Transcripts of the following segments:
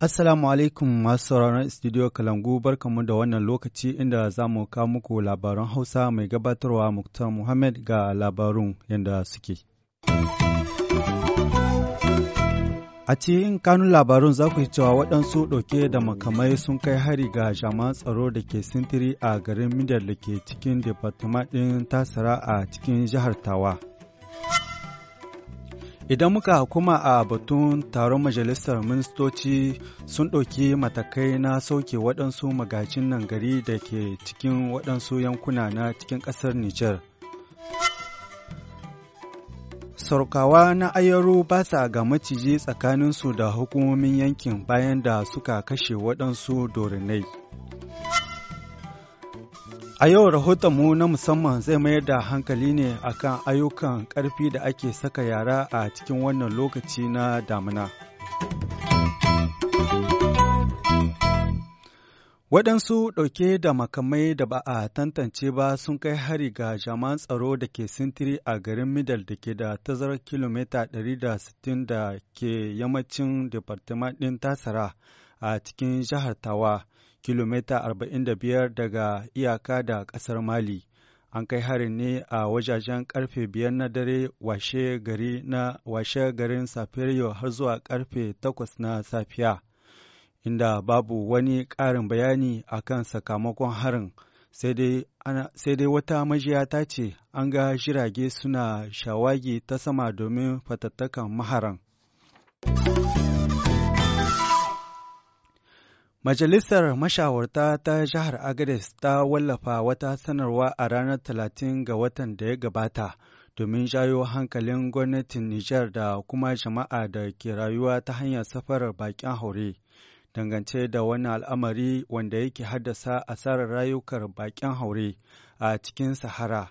Asalamu alaikum masu sauraron studio kalangu barkamu da wannan lokaci inda za mu kawo muku labaran hausa mai gabatarwa muktar muhammad ga labarun yadda suke A cikin kanun labarun za ku yi cewa waɗansu ɗauke da makamai sun kai hari ga jaman tsaro da ke sintiri a garin Midar da ke cikin Departement ɗin Tasara a cikin jihar Tawa. Idan muka hukuma a batun taron majalisar ministoci sun ɗauki matakai na sauke waɗansu magajin nan gari da ke cikin waɗansu yankuna na cikin ƙasar Nijar. Sarkawa na Ayaru ba sa ga maciji tsakaninsu da hukumomin yankin bayan da suka kashe waɗansu dorinai. A yau rahotonmu na musamman zai mayar da hankali ne akan ayyukan ƙarfi da ake saka yara a cikin wannan lokaci na damina. Waɗansu ɗauke da makamai da ba a tantance ba sun kai hari ga jaman tsaro da ke sintiri a garin Midal da ke da tazarar kilomita 160 da ke yammacin Departement ɗin Tasara a cikin jihar Tawa, kilomita 45 daga iyaka da ƙasar Mali. An kai harin ne a wajajen ƙarfe biyar na dare washe garin Safiriyo har zuwa ƙarfe takwas na safiya. inda babu wani ƙarin bayani a kan sakamakon harin, sai dai wata majiya ta ce an ga jirage suna shawagi ta sama domin fatattakan maharan. Majalisar Mashawarta ta Jihar Agades ta wallafa wata sanarwa a ranar talatin ga watan da ya gabata domin jayo hankalin gwamnatin Nijar da kuma jama'a da ke rayuwa ta hanyar safarar bakin haure. dangance da wani al'amari wanda yake haddasa asarar rayukar baƙin haure a cikin Sahara.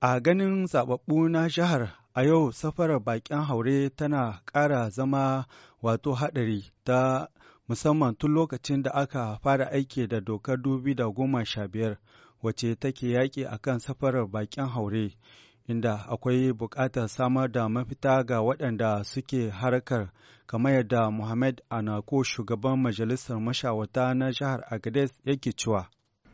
A ganin zababbu na jihar a yau safarar baƙin haure tana ƙara zama wato haɗari ta musamman tun lokacin da aka fara aiki da dokar dubi da goma sha biyar. wacce take yaƙi a kan safarar baƙin haure inda akwai buƙatar samar da mafita ga waɗanda suke harkar kamar yadda Muhammad Anako shugaban majalisar mashawata na jihar Agades yake cewa.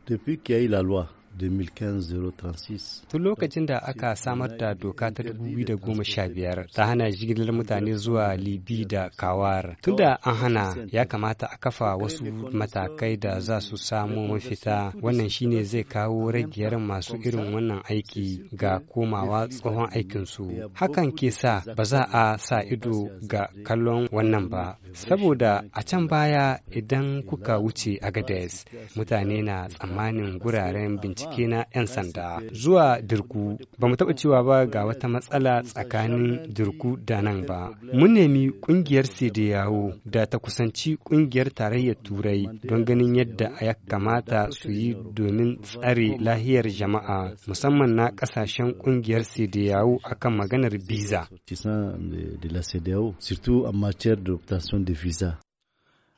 Tafi qu'il laluwa 2015-036. Tun lokacin da aka samar da doka ta 2015 ta hana jigilar mutane zuwa Libi da Kawar. Tun da an hana ya kamata a kafa wasu matakai da za su samu mafita wannan shine zai kawo ragiyar masu irin wannan aiki ga komawa tsohon aikinsu. Hakan ke sa ba za a sa ido ga kallon wannan ba. Saboda a can baya idan kuka wuce Agades mutane na tsammanin guraren bincike bincike na 'yan sanda zuwa dirku ba mu taɓa cewa ba ga wata matsala tsakanin dirku da nan ba mun nemi ƙungiyar yawo da ta kusanci ƙungiyar tarayyar turai don ganin yadda a ya kamata su yi domin tsare lahiyar jama'a musamman na ƙasashen ƙungiyar yawo akan maganar biza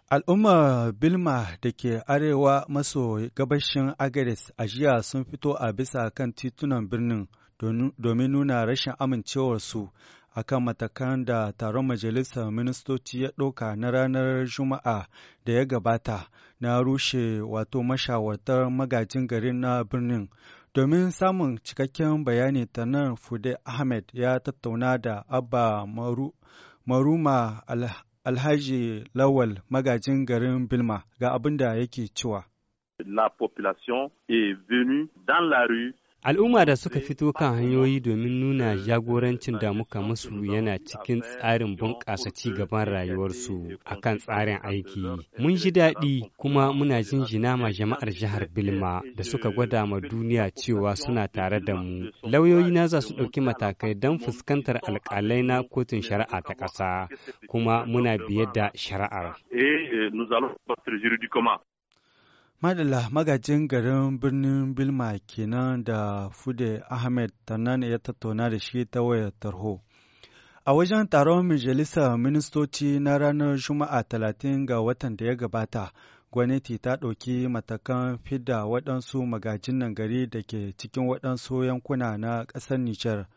Al'ummar Bilma da ke arewa maso gabashin agares a jiya sun fito a bisa kan titunan birnin domin nuna rashin amincewarsu a kan matakan da taron Majalisar Ministoci ya ɗauka na ranar Juma'a da ya gabata na rushe wato mashawartar magajin garin na birnin. Domin samun cikakken bayani ta nan Fude Ahmed ya tattauna da Abba Maru. Maruma Alhaji Lawal magajin garin Bilma ga abin da yake cewa. La population est venue dans la rue Al'umma da suka fito kan hanyoyi domin nuna jagorancin da muka musu yana cikin tsarin bunƙasa ci gaban rayuwarsu a kan tsarin aiki. Mun ji daɗi kuma muna jinjina ma jama'ar jihar Bilma da suka gwada ma duniya cewa suna tare da mu. Lauyoyi na za su ɗauki matakai don fuskantar alƙalai na kotun shari'a ta ƙasa kuma muna biye da shari'ar. Eh, eh, Madalla magajin garin birnin Bilma kenan da Fude Ahmed Tanan ya tattauna da shi ta wayar tarho. A wajen taron Majalisa ministoci na ranar Juma'a 30 ga watan da ya gabata, gwamnati ta ɗauki matakan fidda waɗansu magajin nan gari da ke cikin waɗansu yankuna na ƙasar Nijar.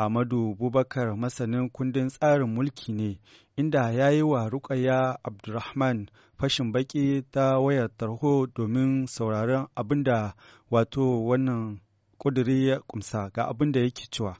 Amadu Bubakar masanin kundin tsarin mulki ne, inda ya yi wa Rukaya Abdulrahman fashin baki ta wayar tarho domin sauraron abin wato wannan ƙuduri ya kumsa ga abinda da yake cewa.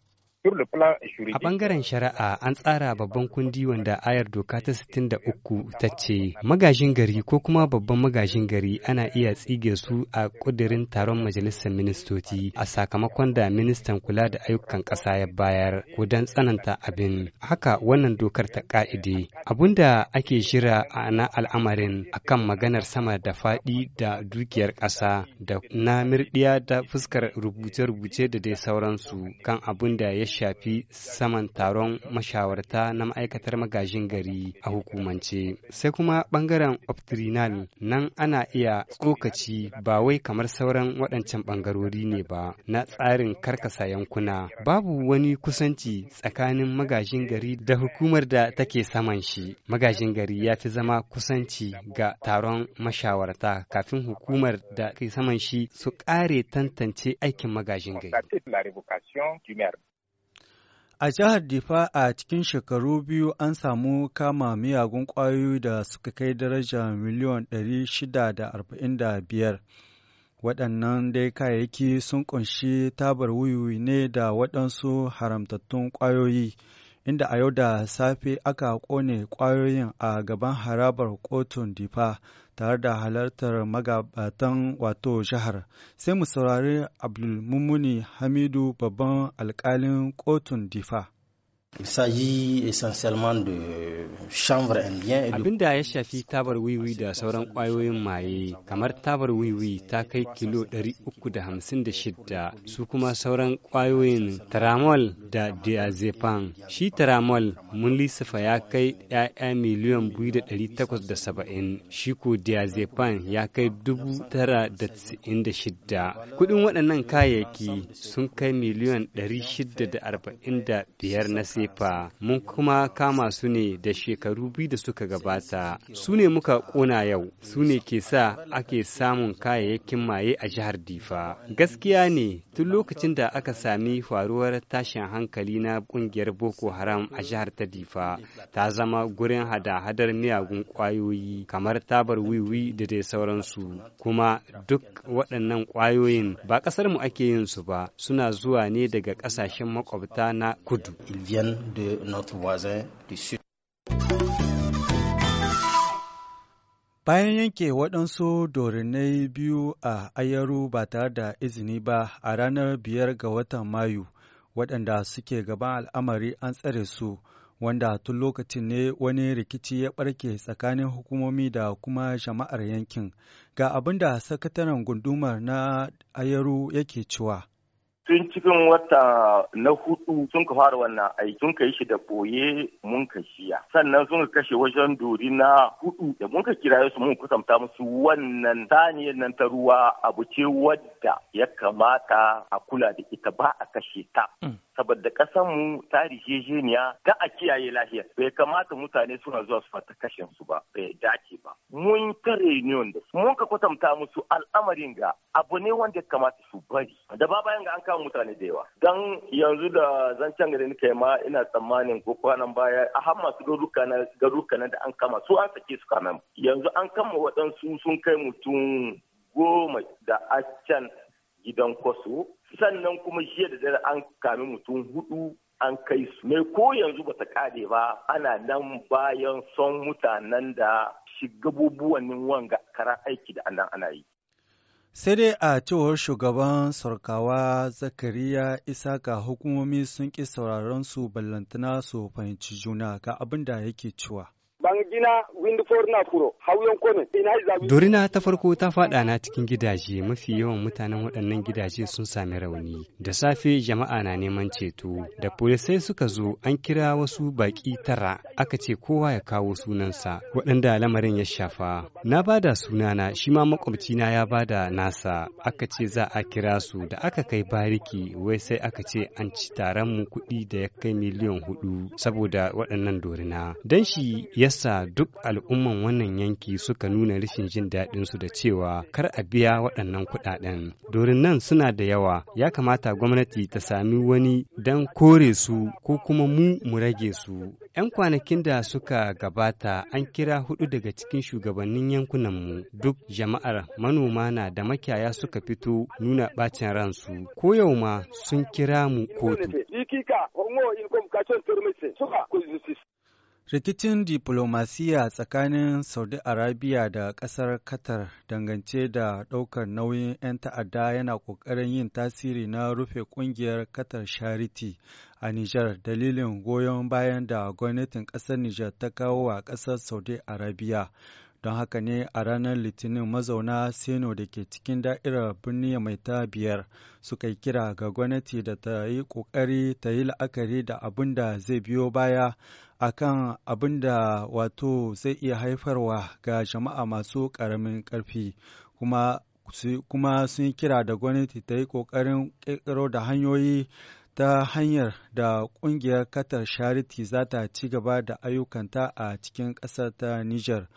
A bangaren shari'a an tsara babban kundi wanda ayar doka ta 63 ta ce magajin gari ko kuma babban magajin gari ana iya tsige su a kudirin taron majalisar ministoci a sakamakon da ministan kula da ayyukan ƙasa ya bayar ko don tsananta abin. Haka wannan dokar ta ka'ide. Abin da ake shira a na al'amarin akan maganar sama da faɗi da dukiyar ƙasa da na mirɗiya da fuskar rubuce-rubuce da dai sauransu kan abin da ya shafi saman taron mashawarta na ma'aikatar magajin gari a hukumance. Sai kuma bangaren optrinal nan ana iya tsokaci ba wai kamar sauran waɗancan bangarori ne ba na tsarin karkasa yankuna. Babu wani kusanci tsakanin magajin gari da hukumar da take saman shi. Magajin gari ya fi zama kusanci ga taron mashawarta kafin hukumar da ke saman shi su ƙare tantance aikin magajin gari. A jihar Difa a cikin shekaru biyu an samu kama miyagun ƙwayoyi da suka kai daraja miliyon 645. Waɗannan dai kayayyaki sun ƙunshi tabar wuyu ne da waɗansu haramtattun ƙwayoyi, inda a yau da safe aka ƙone ƙwayoyin a gaban harabar kotun Difa tare da halartar magabatan wato jihar. Sai mu saurari Abdulmumuni Hamidu babban alkalin kotun Difa. Abinda ya shafi tabar wiwi da sauran kwayoyin maye kamar tabar wiwi ta kai kilo 356 su kuma sauran kwayoyin taramol da diazepam. Shi taramol mun lissafa ya kai 'ya'ya miliyan 2,870 shi ko diazepam ya kai 996. Kudin waɗannan kayayyaki sun kai miliyan 645 na sefa mun kuma kama su ne da shekaru biyu da suka gabata su ne muka kona yau su ne ke sa ake samun kayayyakin maye a jihar difa gaskiya ne tun lokacin da aka sami faruwar tashin hankali na kungiyar boko haram a jihar ta difa ta zama gurin hada-hadar miyagun kwayoyi kamar tabar wiwi da dai sauransu kuma duk waɗannan kwayoyin ba ƙasar mu ake yin su ba suna zuwa ne daga ƙasashen makwabta na kudu jeunes de notre voisin du Sud. Bayan yanke waɗansu dorinai biyu a Ayaru ba tare da izini ba a ranar biyar ga watan Mayu, waɗanda suke gaban al'amari an tsare su, wanda tun lokacin ne wani rikici ya ɓarke tsakanin hukumomi da kuma jama'ar yankin. Ga abin da sakataren gundumar na Ayaru yake cewa. tun cikin wata na hudu sun ka fara wannan aiki sun ka yi shi da boye mun ka shiya sannan sun ka kashe wajen dori na hudu da mun ka kiraye su mun kusanta musu wannan saniyar nan ta ruwa abu ce wadda ya kamata a kula da ita ba a kashe ta mm. saboda ƙasar mu ta rijejeniya ta a kiyaye lahiya bai kamata mutane suna zuwa su fata kashin su ba bai dace ba mun ta reunion da su. mun ka kwatanta musu al'amarin ga abu ne wanda kamata su bari da ba bayan ga an kawo mutane da yawa dan yanzu da zancen gari nake ma ina tsammanin ko kwanan baya a har masu garuka na garuka na da an kama su an sake su kamen yanzu an kama waɗansu sun kai mutum goma da a can gidan kwaso sannan kuma jiya da dare an kami mutum hudu an kai su mai ko yanzu bata kare ba ana nan bayan son mutanen da shigabubuwan wanga karan aiki da anan ana yi sai dai a cewar shugaban sarkawa zakariya ga hukumomi sun ƙi sauraron su ballantana su fahimci juna ga abin da yake cewa bangina windfor na furo hauyon kone dorina ta farko ta fada na cikin gidaje mafi yawan mutanen waɗannan gidaje sun sami rauni da safe jama'a na neman ceto da polisai suka zo an kira wasu baki tara aka ce kowa ya kawo sunansa waɗanda lamarin ya shafa na bada sunana shi ma makwabcina ya ba da nasa aka ce za a kira su da aka kai bariki wai sai aka ce an ci taron mu kuɗi da ya kai miliyan hudu saboda waɗannan dorina dan shi ya yasa duk al'umman wannan yanki suka nuna rashin jin daɗin su da cewa kar a biya waɗannan kuɗaɗen. Dorin nan suna da yawa, ya kamata gwamnati ta sami wani don kore su ko kuma mu mu rage su. 'Yan kwanakin da suka gabata an kira hudu daga cikin shugabannin yankunanmu duk jama'ar manoma na da makiyaya suka fito nuna bacin ransu. Ko yau ma sun kira mu kotu. Rikicin diflomasiya tsakanin Saudi Arabia da ƙasar Qatar dangance da ɗaukar nauyin 'yan ta'adda yana ƙoƙarin yin tasiri na rufe ƙungiyar Qatar Charity a Niger. dalilin goyon bayan da gwamnatin ƙasar Niger ta kawo wa ƙasar Saudi Arabia. Don haka ne a ranar Litinin mazauna Seno da ke cikin da'irar birni mai ta biyar suka yi kira ga gwamnati da ta yi kokari ta yi la'akari da abin da zai biyo baya akan abin da wato zai iya haifarwa ga jama'a masu karamin karfi kuma kuma sun kira da gwamnati ta yi kokarin ƙirƙiro da hanyoyi ta hanyar da ƙungiyar katar shariti za ta ci gaba da ayyukanta a cikin ƙasar ta Nijar.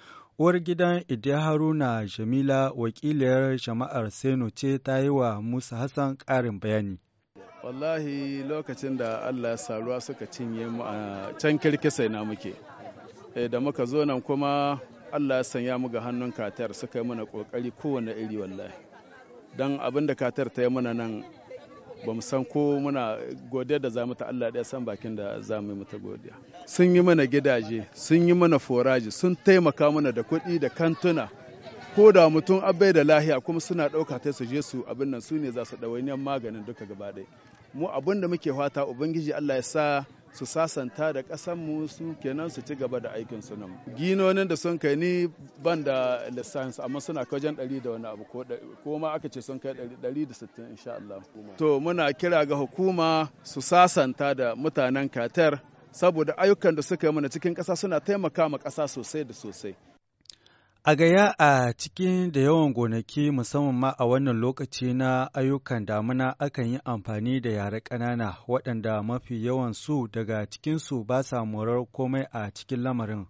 Uwar gidan Idi Haruna Jamila wakiliyar jama'ar Seno ce ta yi wa Musa Hassan ƙarin bayani. Wallahi lokacin da Allah saruwa suka cinye mu a can kirkisai na muke. Eh, da muka zo nan kuma Allah ya sanya mu ga hannun katar suka yi mana kokari kowane iri wallahi. Don abin da katar ta yi mana nan ba mu san ko muna godiya da za mu ta Allah ɗaya san bakin da za mu yi mata godiya sun yi mana gidaje sun yi mana foraji sun taimaka mana da kuɗi da kantuna ko da mutum abai da lahiya kuma suna ɗauka ta su je su abin nan su ne za su ɗawainiyar maganin duka gaba ɗaya mu abin da muke fata ubangiji Allah ya sa su sasanta da ƙasanmu su kenan su ci gaba da aikin su nan ginonin da sun kai ni ban da lissans amma suna kajan 100 da wani abu ko ma aka ce sun kai 160 insha Allah to muna kira ga hukuma su sasanta da mutanen Katar saboda ayyukan da suka yi mana cikin ƙasa suna taimaka ma ƙasa sosai da sosai A gaya a cikin da yawan gonaki musamman ma a wannan lokaci na ayyukan damuna akan yi amfani da yare ƙanana waɗanda mafi yawan su daga cikinsu ba sa morar komai a cikin lamarin.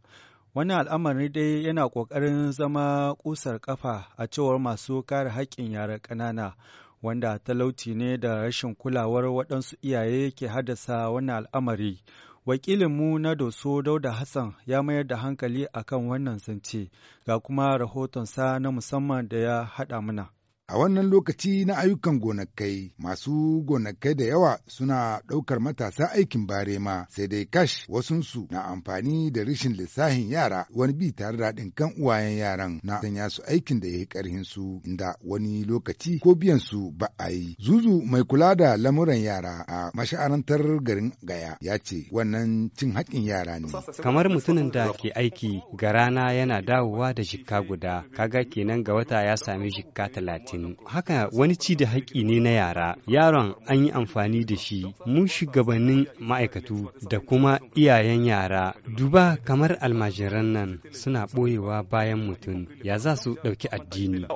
wani al'amari dai yana ƙoƙarin zama ƙusar ƙafa a cewar masu kare haƙƙin yare ƙanana. Wanda talauci ne da rashin kulawar waɗansu iyaye ke haddasa wani al'amari. Wakilinmu na Doso Dauda Hassan ya mayar da hankali a kan wannan zance, ga kuma rahotonsa na musamman da ya haɗa mana. A wannan lokaci na ayyukan gonakai, masu gonakai da yawa suna ɗaukar matasa aikin barema, sai dai kash wasunsu na amfani da rishin lissahin yara wani bi tare da haɗin kan uwayen yaran na sanya su aikin da ya yi ƙarhin su inda wani lokaci ko biyan su ba a yi. Zuzu mai kula da lamuran yara a masha'arantar garin Gaya ya ce wannan cin haƙƙin yara ne. Kamar mutumin da ke aiki ga rana yana dawowa da jikka guda, kaga kenan ga wata ya sami jikka talatin. mu haka wani ci da haƙƙi ne na yara yaron an yi amfani da shi mu shugabannin ma'aikatu da kuma iyayen yara duba kamar almajiran nan suna ɓoyewa bayan mutum ya za su ɗauki addini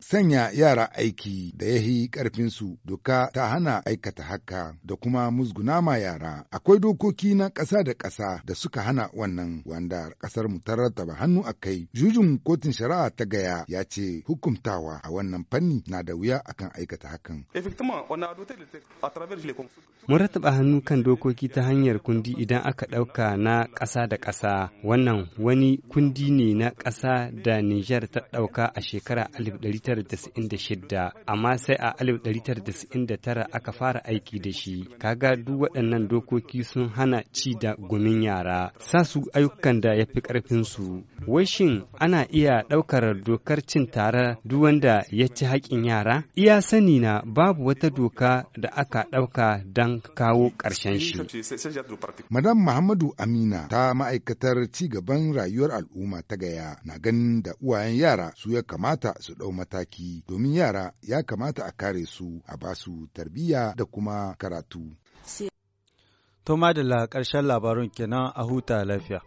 sanya yara aiki da ya yi ƙarfinsu doka ta hana aikata haka da kuma musguna ma yara akwai dokoki na ƙasa da ƙasa da suka hana wannan wanda ƙasar mu ta rattaba hannu a kai jujin kotun shari'a ta gaya ya ce hukumta a wannan fanni na da wuya akan aikata hakan. Mun rattaba hannu kan dokoki ta hanyar kundi idan aka ɗauka na ƙasa da ƙasa wannan wani kundi ne na ƙasa da Nijar ta ɗauka a shekara 1996 amma sai a 1999 aka fara aiki da shi kaga duk waɗannan dokoki sun hana ci da gumin yara sa su ayyukan da ya fi ƙarfinsu wai shin ana iya ɗaukar dokar cin tara duk wanda ya ci haƙƙin yara? Iya sani na babu wata doka da aka ɗauka don kawo ƙarshen shi. Madam Muhammadu Amina ta ma'aikatar ci gaban rayuwar al'umma ta gaya na ganin da uwayen yara su ya kamata su ɗau mataki domin yara ya kamata a kare su a basu tarbiyya da kuma karatu. toma da la ƙarshen labarun kenan a huta lafiya.